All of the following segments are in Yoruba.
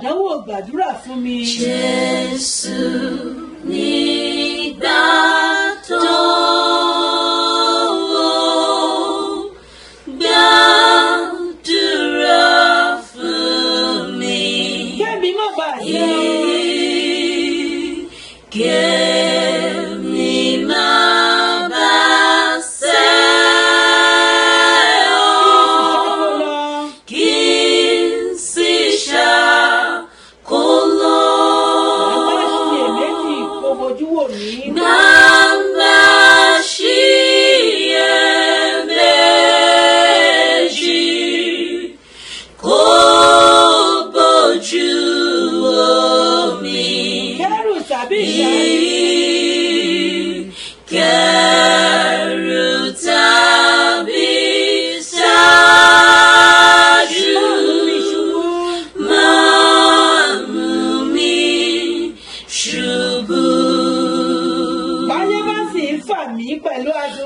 àdánwò gbàdúrà fún mi. Jésù.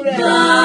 Bye.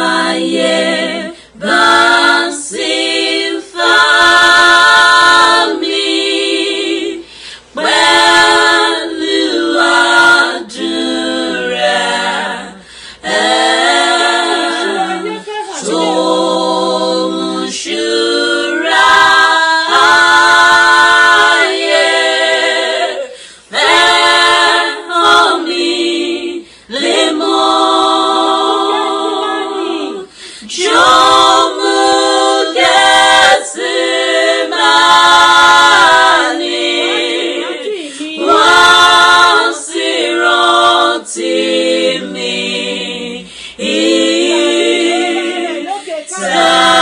Christ.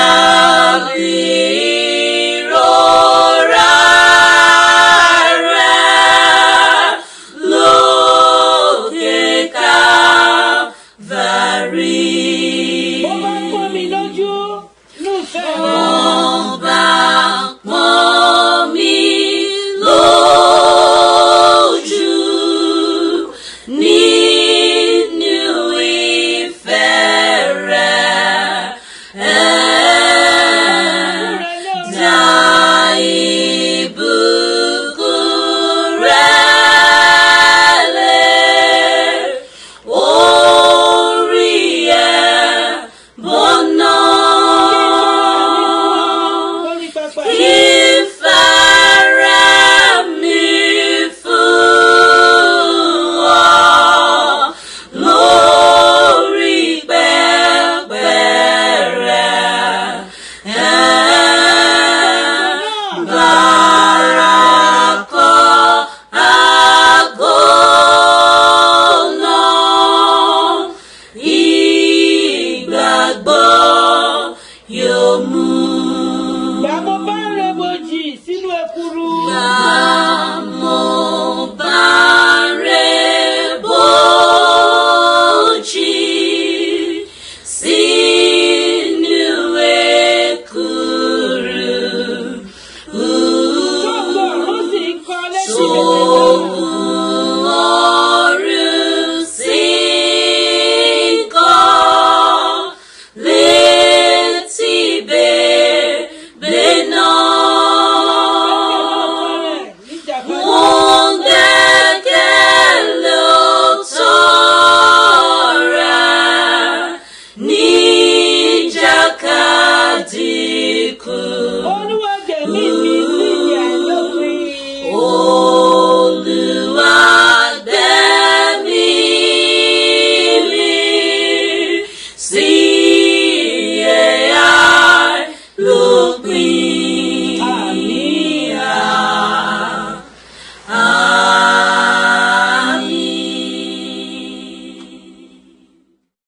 gbàgbọ́.